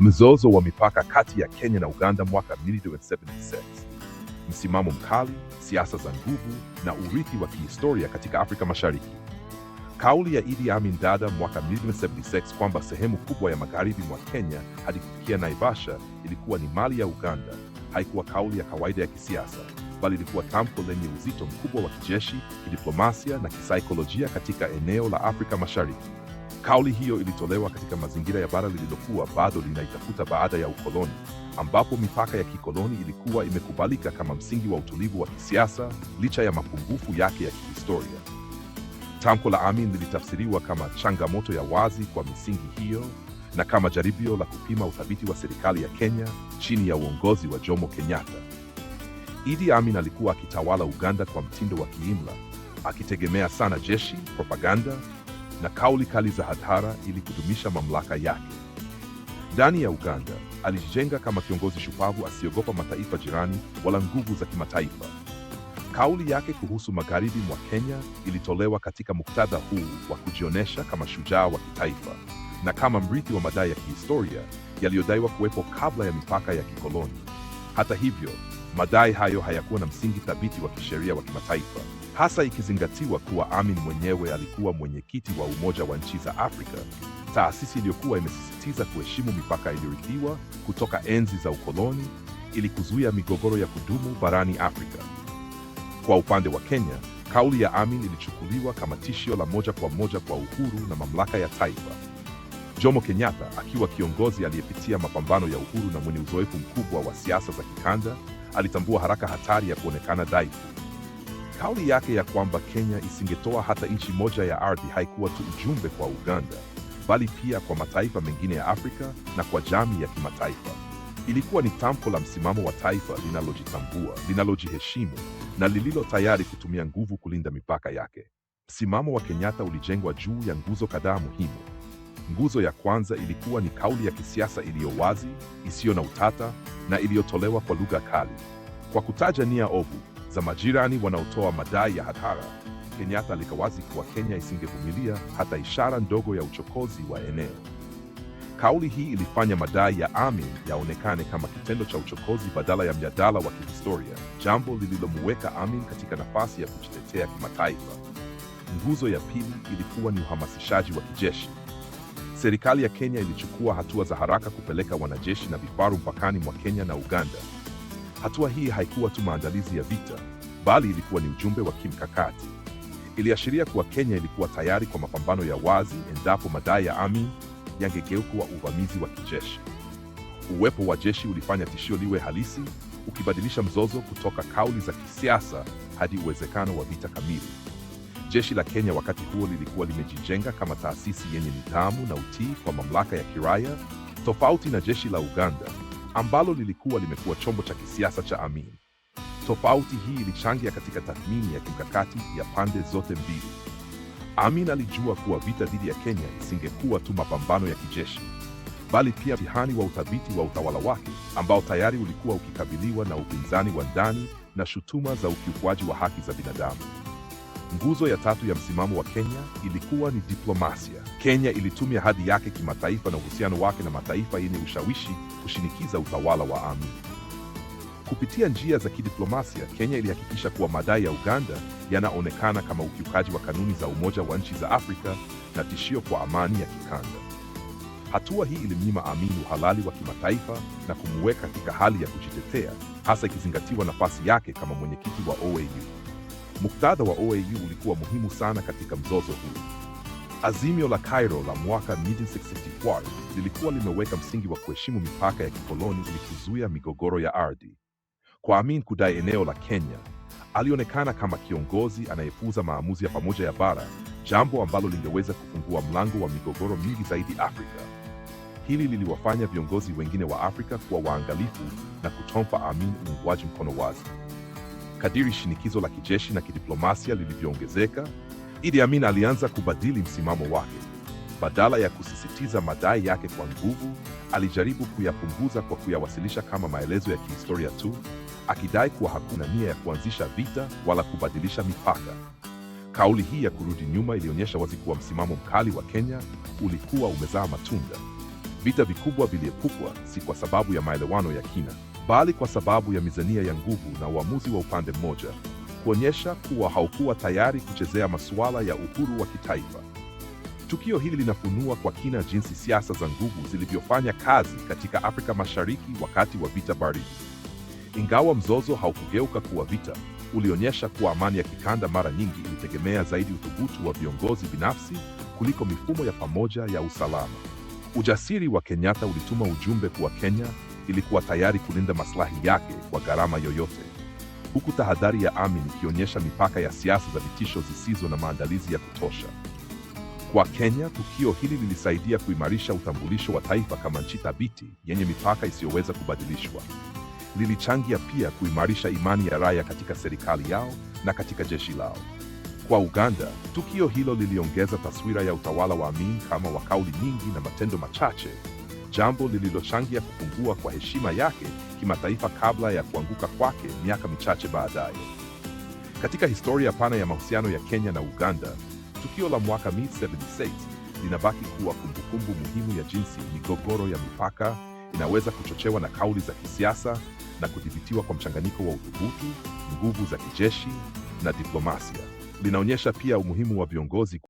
Mzozo wa mipaka kati ya Kenya na Uganda mwaka 1976, msimamo mkali, siasa za nguvu na urithi wa kihistoria katika Afrika Mashariki. Kauli ya Idi Amin Dada mwaka 1976 kwamba sehemu kubwa ya magharibi mwa Kenya hadi kufikia Naivasha ilikuwa ni mali ya Uganda haikuwa kauli ya kawaida ya kisiasa, bali ilikuwa tamko lenye uzito mkubwa wa kijeshi, kidiplomasia na kisaikolojia katika eneo la Afrika Mashariki. Kauli hiyo ilitolewa katika mazingira ya bara lililokuwa bado linaitafuta baada ya ukoloni, ambapo mipaka ya kikoloni ilikuwa imekubalika kama msingi wa utulivu wa kisiasa licha ya mapungufu yake ya kihistoria. Tamko la Amin lilitafsiriwa kama changamoto ya wazi kwa misingi hiyo na kama jaribio la kupima uthabiti wa serikali ya Kenya chini ya uongozi wa Jomo Kenyatta. Idi Amin alikuwa akitawala Uganda kwa mtindo wa kiimla, akitegemea sana jeshi, propaganda na kauli kali za hadhara ili kudumisha mamlaka yake. Ndani ya Uganda, alijijenga kama kiongozi shupavu asiyogopa mataifa jirani wala nguvu za kimataifa. Kauli yake kuhusu magharibi mwa Kenya ilitolewa katika muktadha huu wa kujionyesha kama shujaa wa kitaifa na kama mrithi wa madai ya kihistoria yaliyodaiwa kuwepo kabla ya mipaka ya kikoloni. Hata hivyo, madai hayo hayakuwa na msingi thabiti wa kisheria wa kimataifa hasa ikizingatiwa kuwa Amin mwenyewe alikuwa mwenyekiti wa Umoja wa Nchi za Afrika, taasisi iliyokuwa imesisitiza kuheshimu mipaka iliyorithiwa kutoka enzi za ukoloni ili kuzuia migogoro ya kudumu barani Afrika. Kwa upande wa Kenya, kauli ya Amin ilichukuliwa kama tishio la moja kwa moja kwa uhuru na mamlaka ya taifa. Jomo Kenyatta akiwa kiongozi aliyepitia mapambano ya uhuru na mwenye uzoefu mkubwa wa siasa za kikanda, alitambua haraka hatari ya kuonekana dhaifu. Kauli yake ya kwamba Kenya isingetoa hata inchi moja ya ardhi haikuwa tu ujumbe kwa Uganda, bali pia kwa mataifa mengine ya Afrika na kwa jamii ya kimataifa. Ilikuwa ni tamko la msimamo wa taifa linalojitambua, linalojiheshimu na lililo tayari kutumia nguvu kulinda mipaka yake. Msimamo wa Kenyatta ulijengwa juu ya nguzo kadhaa muhimu. Nguzo ya kwanza ilikuwa ni kauli ya kisiasa iliyo wazi, isiyo na utata na iliyotolewa kwa lugha kali, kwa kutaja nia ovu za majirani wanaotoa madai ya hadhara. Kenyatta alikawazi kuwa Kenya isingevumilia hata ishara ndogo ya uchokozi wa eneo. Kauli hii ilifanya madai ya Amin yaonekane kama kitendo cha uchokozi badala ya mjadala wa kihistoria, jambo lililomuweka Amin katika nafasi ya kujitetea kimataifa. Nguzo ya pili ilikuwa ni uhamasishaji wa kijeshi. Serikali ya Kenya ilichukua hatua za haraka kupeleka wanajeshi na vifaru mpakani mwa Kenya na Uganda. Hatua hii haikuwa tu maandalizi ya vita, bali ilikuwa ni ujumbe wa kimkakati. Iliashiria kuwa Kenya ilikuwa tayari kwa mapambano ya wazi endapo madai ya Amin yangegeuka uvamizi wa kijeshi. Uwepo wa jeshi ulifanya tishio liwe halisi, ukibadilisha mzozo kutoka kauli za kisiasa hadi uwezekano wa vita kamili. Jeshi la Kenya wakati huo lilikuwa limejijenga kama taasisi yenye nidhamu na utii kwa mamlaka ya kiraia, tofauti na jeshi la Uganda ambalo lilikuwa limekuwa chombo cha kisiasa cha Amin. Tofauti hii ilichangia katika tathmini ya kimkakati ya pande zote mbili. Amin alijua kuwa vita dhidi ya Kenya isingekuwa tu mapambano ya kijeshi, bali pia mtihani wa uthabiti wa utawala wake ambao tayari ulikuwa ukikabiliwa na upinzani wa ndani na shutuma za ukiukwaji wa haki za binadamu. Nguzo ya tatu ya msimamo wa Kenya ilikuwa ni diplomasia. Kenya ilitumia hadhi yake kimataifa na uhusiano wake na mataifa yenye ushawishi kushinikiza utawala wa Amin. Kupitia njia za kidiplomasia, Kenya ilihakikisha kuwa madai ya Uganda yanaonekana kama ukiukaji wa kanuni za Umoja wa Nchi za Afrika na tishio kwa amani ya kikanda. Hatua hii ilimnyima Amin uhalali wa kimataifa na kumweka katika hali ya kujitetea, hasa ikizingatiwa nafasi yake kama mwenyekiti wa OAU. Muktadha wa OAU ulikuwa muhimu sana katika mzozo huu. Azimio la Cairo la mwaka 1964 lilikuwa limeweka msingi wa kuheshimu mipaka ya kikoloni ili kuzuia migogoro ya ardhi. Kwa Amin kudai eneo la Kenya, alionekana kama kiongozi anayefuza maamuzi ya pamoja ya bara, jambo ambalo lingeweza kufungua mlango wa migogoro mingi zaidi Afrika. Hili liliwafanya viongozi wengine wa Afrika kuwa waangalifu na kutompa Amin uungwaji mkono wazi. Kadiri shinikizo la kijeshi na kidiplomasia lilivyoongezeka, Idi Amin alianza kubadili msimamo wake. Badala ya kusisitiza madai yake kwa nguvu, alijaribu kuyapunguza kwa kuyawasilisha kama maelezo ya kihistoria tu, akidai kuwa hakuna nia ya kuanzisha vita wala kubadilisha mipaka. Kauli hii ya kurudi nyuma ilionyesha wazi kuwa msimamo mkali wa Kenya ulikuwa umezaa matunda. Vita vikubwa viliepukwa si kwa sababu ya maelewano ya kina bali kwa sababu ya mizania ya nguvu na uamuzi wa upande mmoja, kuonyesha kuwa haukuwa tayari kuchezea masuala ya uhuru wa kitaifa. Tukio hili linafunua kwa kina jinsi siasa za nguvu zilivyofanya kazi katika Afrika Mashariki wakati wa vita baridi. Ingawa mzozo haukugeuka kuwa vita, ulionyesha kuwa amani ya kikanda mara nyingi ilitegemea zaidi uthubutu wa viongozi binafsi kuliko mifumo ya pamoja ya usalama. Ujasiri wa Kenyatta ulituma ujumbe kuwa Kenya ilikuwa tayari kulinda maslahi yake kwa gharama yoyote, huku tahadhari ya Amin ikionyesha mipaka ya siasa za vitisho zisizo na maandalizi ya kutosha. Kwa Kenya, tukio hili lilisaidia kuimarisha utambulisho wa taifa kama nchi thabiti yenye mipaka isiyoweza kubadilishwa. Lilichangia pia kuimarisha imani ya raia katika serikali yao na katika jeshi lao. Kwa Uganda, tukio hilo liliongeza taswira ya utawala wa Amin kama wa kauli nyingi na matendo machache jambo lililochangia kupungua kwa heshima yake kimataifa kabla ya kuanguka kwake miaka michache baadaye. Katika historia pana ya mahusiano ya Kenya na Uganda, tukio la mwaka 76 linabaki kuwa kumbukumbu muhimu ya jinsi migogoro ya mipaka inaweza kuchochewa na kauli za kisiasa na kudhibitiwa kwa mchanganyiko wa uthubutu, nguvu za kijeshi na diplomasia. Linaonyesha pia umuhimu wa viongozi